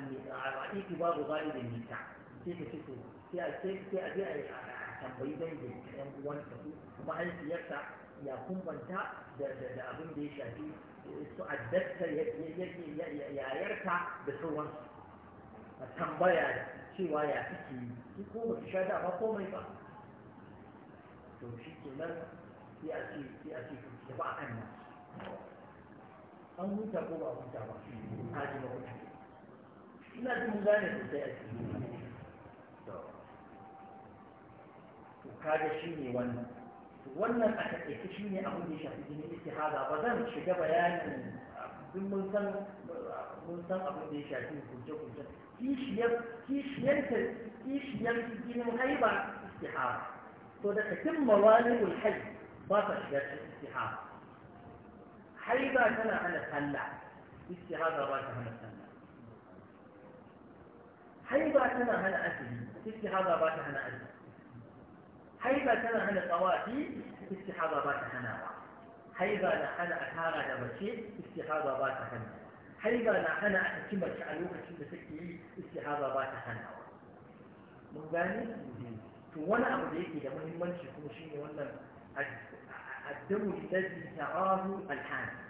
ra'iki babu ba'i da nisa sai ka fito sai a sai a je a tambayi dangin ɗan uwansa su siyarta ya kumbanta da abin da ya shafi eh, su addatta yayarta da sauransu a tambaya cewa ya suke yi su ko ba su sha dama komai ba to shi ke nan sai a ce sai a ce ba a kan nan an huta ko ba huta ba a ji ba huta ina jin gane sai a cikin to kaga shi ne wannan wannan a taƙaice shi ne abin da ya shafi jini istihaza ba zan shiga bayanin duk mun san mun san abin da ya shafi kunce kunce kishiyar kishiyar kishiyar jinin haiba istihaza to daga tun mawalibul hayy ba ta shiga cikin istihaza حليبا سنة أنا سلع بسي هذا الرأس هم سلع حليبا سنة أنا أسل بسي هذا الرأس هم أسل حليبا أنا طواتي بسي هذا الرأس هم حليبا أنا أتارى دمشي بسي هذا الرأس هم حليبا أنا أتكمل شعلوك أيوة، شبه سكي بسي هذا الرأس هم مباني؟ تو وانا أقول لك إذا مهمان شكو شيني الدم الذي تراه الآن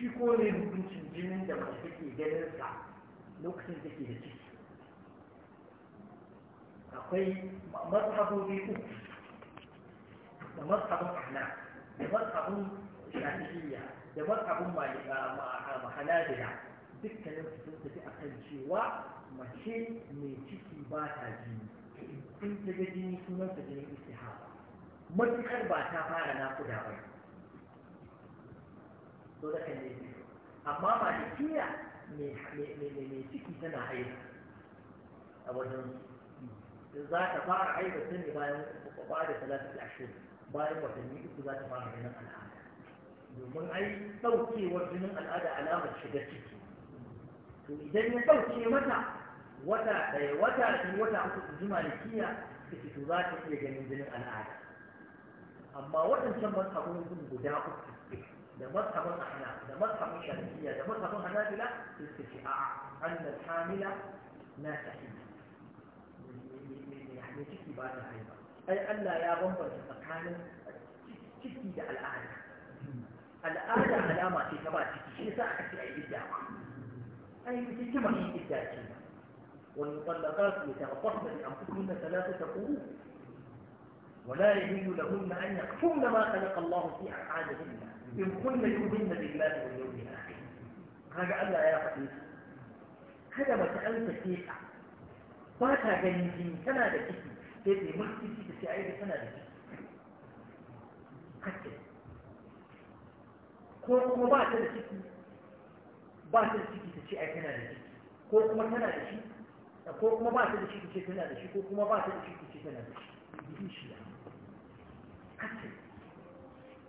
shi ko hukuncin jinin da mace take ganin sa lokacin da take da ciki akwai mazhabobi uku da mazhabin ahna da mazhabin shafi'iyya da mazhabin mahanadira dukkanin su sun tafi a kan cewa mace mai ciki ba ta jini in ta jini sunanta jinin istihaba matuƙar ba ta fara naƙuda ba so da kan yi amma malikiya mai ciki tana haihu a wajen za ta fara haihu tun da bayan ba da talatin ashirin bayan watanni uku za ta fara jinin al'ada domin ai ɗaukewar jinin al'ada alamar shiga ciki to idan ya ɗauke mata wata ɗaya wata shi wata uku jima da kiya ta to za ta iya ganin jinin al'ada أما وإن كان مذهبون يكون بداعة في الفقه ده مذهب الأحناف ده مذهب الشافعية ده مذهب الحنابلة في الاستشعاع أن الحاملة ما تحمل يعني تكتب هذا أيضا أي أن لا يا غنبر الحامل تكتب الأعلى الأعلى على ما تكتب تكتب ساحة أي بداعة أي بتجمع الإداعة والمطلقات يتغطفن لأنفسهن ثلاثة قروب ولا يجوز لهن أن يكفرن ما خلق الله في أفعالهن إن كن يؤمن بالله واليوم الآخر هذا الله يا خبيث هذا ما سألت كيف باتا جنين كما ذكرت كيف يمكن مختصي تسعيد كما ذكرت كيف حتى ko kuma ba ta da ciki ba ta da ciki ta ce ai tana da ciki ko kuma tana da shi ko kuma ba ta da shi ta ce tana da shi ko kuma ba ta da shi ta ce tana da shi bishiya كتب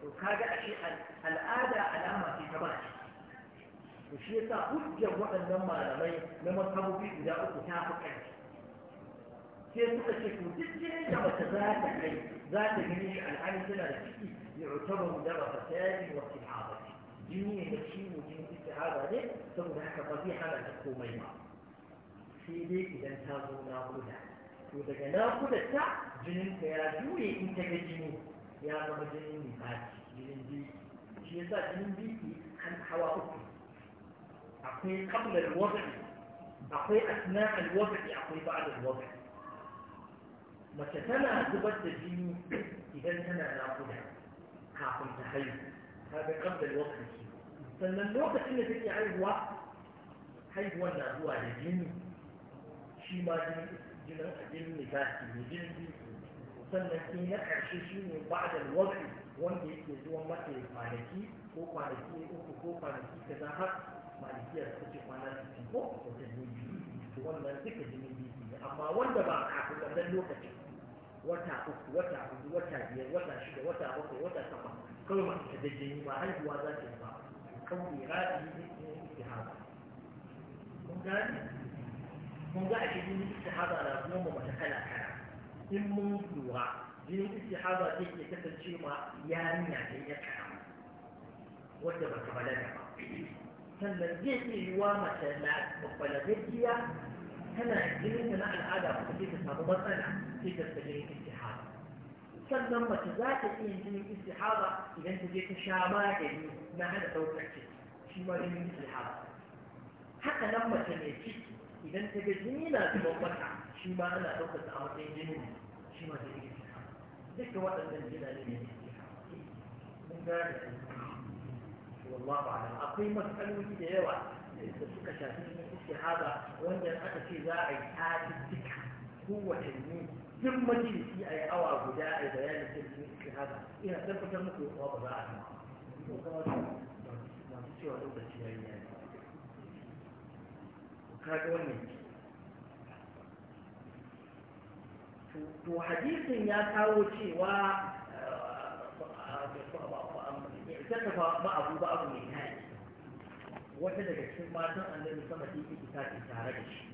وكذا أشي الآدى علامة في جبهة وشي يسا حجة وأن لما لمي لما تقوم به إذا أكو تاخد أنت sai suka ce to duk jinin da mace za ta kai za ta gani shi alhali tana da ciki ya utabar da ba fasadi wa sihaba jini ne da ciwo jini istihaba ne saboda haka ba zai hana ta komai ba sai dai idan ta zo naƙuda to daga naƙuda ta jinin ta ya juye in ta ga jini ya zama jinin ne ba jinin biki shi yasa jinin biki an hawa uku akwai qabla al akwai asna al-wada'i akwai ba al-wada'i mace tana zubar da jini idan tana naƙuda kafin ta haihu ta ga qabla al-wada'i sannan lokacin da take haihuwa haihuwar na zuwa da jini shi ma jinin jinin ne mai jinin biki sannan in na ƙarshe shi ne ba da wasu wanda yake zuwa mata ya kwanaki ko kwanaki uku ko kwanaki ka za har malikiyar ta ce kwana cikin ko ko ta wannan duka jini biyu ne amma wanda ba kafin wannan lokacin wata uku wata hudu wata biyar wata shida wata bakwai wata sama kawai masu ta jini ba haihuwa za ta yi ba kawai ra'ayi ne ke haɗa mun gani mun ga a cikin istihada na goma ta kala kala in mun lura jinin istihaba zai iya kasance ma yarinya ce ya karama wadda ba ta balaga ba sannan zai iya yiwa mace na balagaggiya tana jinin na al'ada kuma sai ta samu matsala sai ta ta jinin istihaba sannan mace za ta iya jinin istihaba idan ta je ta sha magani na hana ɗaukar ciki shi ma jinin istihaba haka nan mace mai ciki idan ta ga jini na zuban mata shi ma ana ɗaukar a matsayin jini shi ma zai iya duka waɗannan jina ne ne mun gane wallahu alam akwai matsaloli da yawa da suka shafi ke istihaba wanda aka ce za a yi duka kowace ne duk majalisi a yi awa guda a yi bayanin da ke istihaba ina tabbatar muku ba za a yi masu cewa lokaci ya yi kaga wannan to hadisin ya kawo cewa tattafa ba abu ba abu mai kai wata daga cikin matan annabi sama ta yi ta tare da shi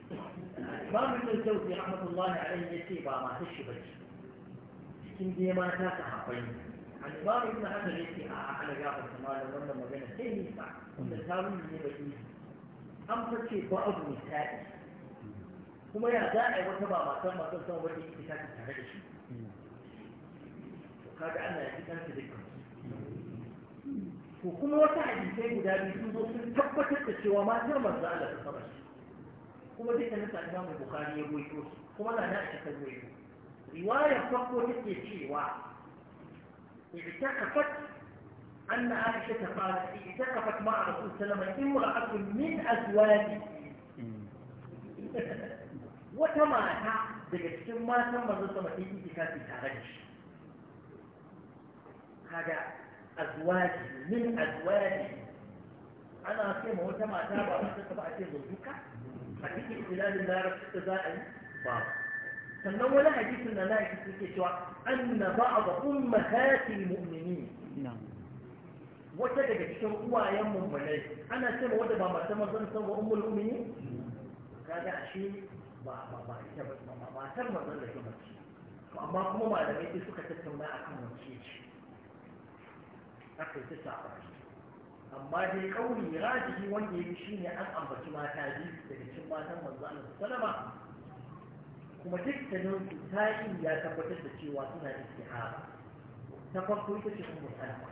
ba mu mai kyau sai rahmatullahi alaihi ya ce ba masu shi ba ce cikin dai mata ta haɓai al-imam ibn hajar ya ce a ana gafarta malam wannan magana sai ba. wanda ta ne ba yi an fice ba abu nisa'i kuma ya za a yi wata ba matan matan san wanda yake ta tare da shi to kaga ana yi kan kansa dukkan ko kuma wata hadisai guda biyu sun zo sun tabbatar da cewa matar manzo Allah ta saba shi kuma dukkanin sa Imam Bukhari ya goyo shi kuma na na ta goyo riwayar farko take cewa اعتكفت أن عائشة قالت إيه؟ اعتقفت مع رسول الله صلى عليه وسلم امرأة من أزواجه وتمعها بالإسلام ما تم الرسول مسيح اتفاق تارجش هذا أزواج من أزواجه أنا أسيما وتمع تابع رسول تبع أسيما ضدوك فكيك إخلال الله رسول تزائل بعض سنو لها جيسنا لا يكتبك أن بعض أمهات المؤمنين نعم wata daga cikin uwayen mummunai ana cewa wata wadda ba mata mazan san wa ummul umini kaga ashe ba ba ba ita ba ba tar mazan da ke mace amma kuma malamai sai suka tattauna akan mace ce aka yi ta sabani amma dai kauli rajihi wanda yake shine an ambaci mata biyu daga cikin matan manzo Allah sallama kuma nan ta yi ya tabbatar da cewa suna istihara ta farko ita ce ummu salama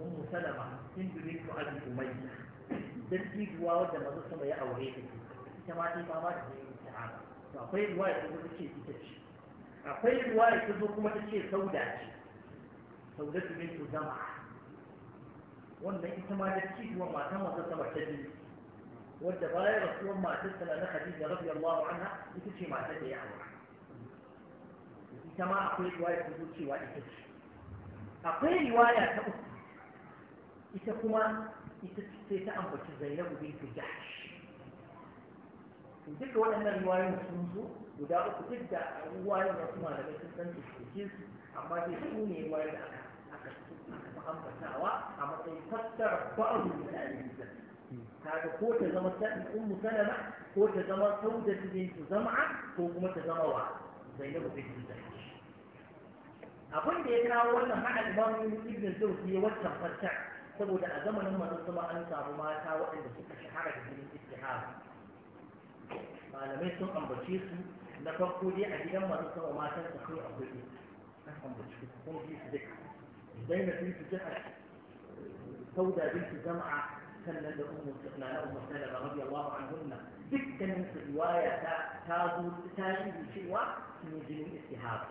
ummu salama hindu bintu abi umayya dattijuwa wadda mazu sama ya aure ta ita ma ta ma ta yi sahaba to akwai ruwaya ta zo ce ita ce akwai ruwaya ta zo kuma ta ce sauda ce sauda bintu zama wannan ita ma dattijuwa mata mazu sama ta biyu wadda bayan rasuwar matarsa na na Khadija radiyallahu anha ita ce matar da ya aura ita ma akwai riwaya ta cewa ita ce akwai riwaya ta uku ita kuma ita sai ta ambaci zainabu bintu jahsh da waɗannan ruwayen sun zo guda uku duk da da kuma malamai sun san su amma dai su ne ruwayoyin da aka aka fi ambatawa a matsayin fassara ba'adu da alisa kaga ko ta zama sa'in ummu salama ko ta zama sauda bintu zama'a ko kuma ta zama wa zainabu bintu jahsh abin da ya kawo wannan haɗa imamu ibn zawfi ya wancan fassara saboda a zamanin manzon kuma an samu mata waɗanda suka shahara da jinin istihara malamai sun ambace su na farko dai a gidan manzon kuma matan su kai akwai su an ambace su kuma bi su duka na zaina su jiha sauda su jama'a sannan da ummu na na ummu sallama radiyallahu anhunna dukkanin su riwaya ta ta zo ta yi cewa sun yi jinin istihara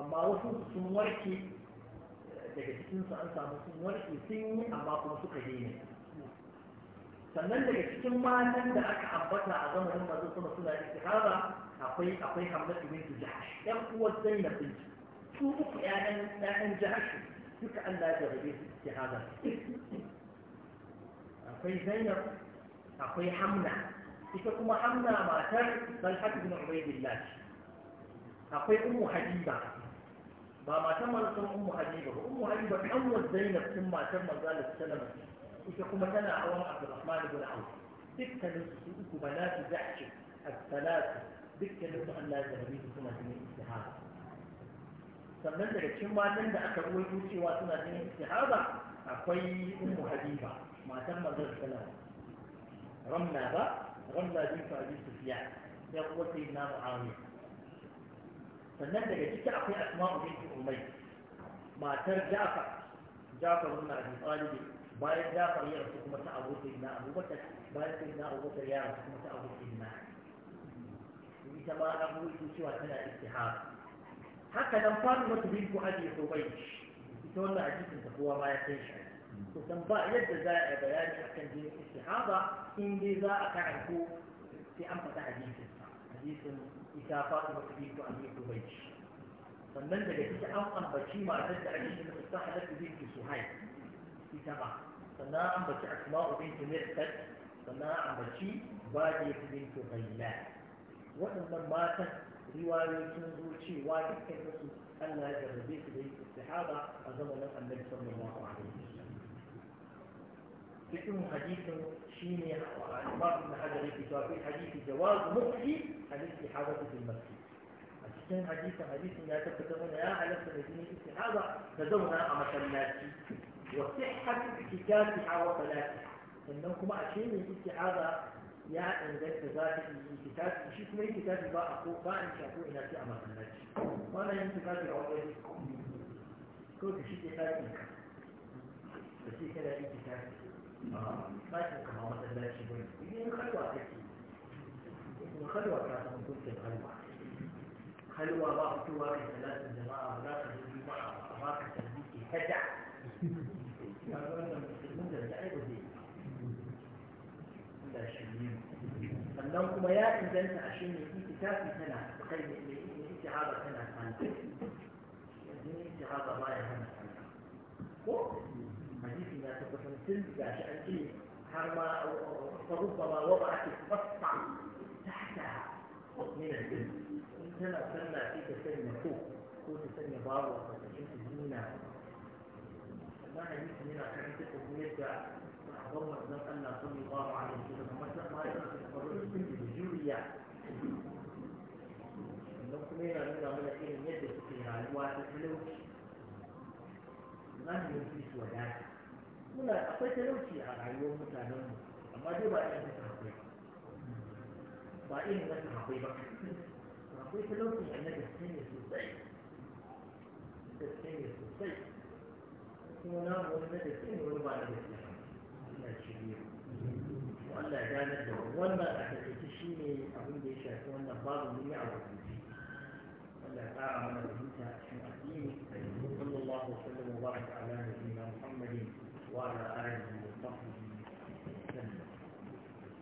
amma wasu sun warke daga cikinsu an samu sun warke sun yi amma kuma suka daina sannan daga cikin matan da aka ambata a zamanin mazu kuma suna istihara akwai akwai hamdatu bintu jahash yan uwar zainab bintu su uku ƴaƴan ƴaƴan jahash duka Allah ya rabe su istihara akwai zainab akwai hamna ita kuma hamna matar talhat bin ubaydillah akwai ummu habiba ba matan manzon ummu habiba ba ummu habiba kan wa zainab sun matan manzon Allah sallama ita kuma tana awan abdurrahman ibn auf dukkanin su uku banatu jahsh as-salatu dukkanin su Allah ya rabi su kuma jinin istihara sannan daga cikin matan da aka ruwaito cewa suna jinin istihara akwai ummu habiba matan manzon sallama ramna ba ramna bin abi sufyan ya kuwa sayyidina muawiya فالنبي قد جاء في أسماء بنت أمية ما ترجع جعفر جعفر بن أبي طالب بايد جعفر يا رسول الله أبو سيدنا أبو بكر بايد سيدنا أبو بكر يا رسول الله أبو سيدنا إذا ما أبو يسوع من الاتحاد هكذا فاطمة بنت أبي حبيش يتولى عزيز تقوى ما يتنشع وتنبع يد زائر بيان حكم دين الاتحاد إن لذا أكعبه في أنفة عزيز حديث ita fatima bintu abi hubaysh sannan daga ciki an ambaci matar da ake cewa sahabat su suhayl ita ba sannan an ambaci asma'u bintu mirkat sannan an ambaci badiya bintu ghaylan waɗannan matan riwayoyi sun zo cewa dukkan su Allah ya jarrabe su da istihaba a zamanin Annabi sallallahu alaihi wasallam يكون حديث شيني وعنبار من هذا الكتاب في حديث جواز مخي عن استحادة في المسجد أشتين حديث حديث لا تفتغن يا على سنة استحادة تزمنا عمت الناس وصحة اتكال في حوى ثلاثة إنكم أشين الاتحادة يا إن ذلك من الاتكال شو اسمه الاتكال بقى أقول فإن شافوا إن في عمت الناس ما لا ينتقال العوضي كل شيء تفاتي بس كده الاتكال ba shi kama masallaci ba ne halwa kake halwa ta san kuncin halwa halwa ba fitowa kai salatin jama'a ba za ka je juma'a ba ba ka tarbi ke kada ya ga wannan musulmin da ai ba zai da shi ne sannan kuma ya inganta a shin ne itikafi tana kai ne ne itihaba tana kan yanzu ne itihaba ba ya hana ko حديث إيه، ما تتسلسل بأشياء الإيه حرما فربما وضعت القطع تحتها من الإيه كما سمى في تسمى فوق هو تسمى بعض وتسمى الدينة ما حديث هنا كان تسمى أظن أن أن صلى الله عليه وسلم مثلا ما يقصد بالجورية المسلمين من الملكين يدرس فيها الواسع فلوش ما هي في سوداء muna akwai talauci a rayuwar mutanenmu amma dai ba irin ta akwai ba irin wata akwai ba akwai talauci a na gaske ne sosai gaske ne sosai kuma na wani na gaske ne wani ba na gaske ina shirye Allah ya gane da wannan a takaice shi ne abin da ya shafi wannan babu mun yi a rubuce Allah ya ƙara mana fahimta cikin addini sallallahu alaihi wa sallam water 150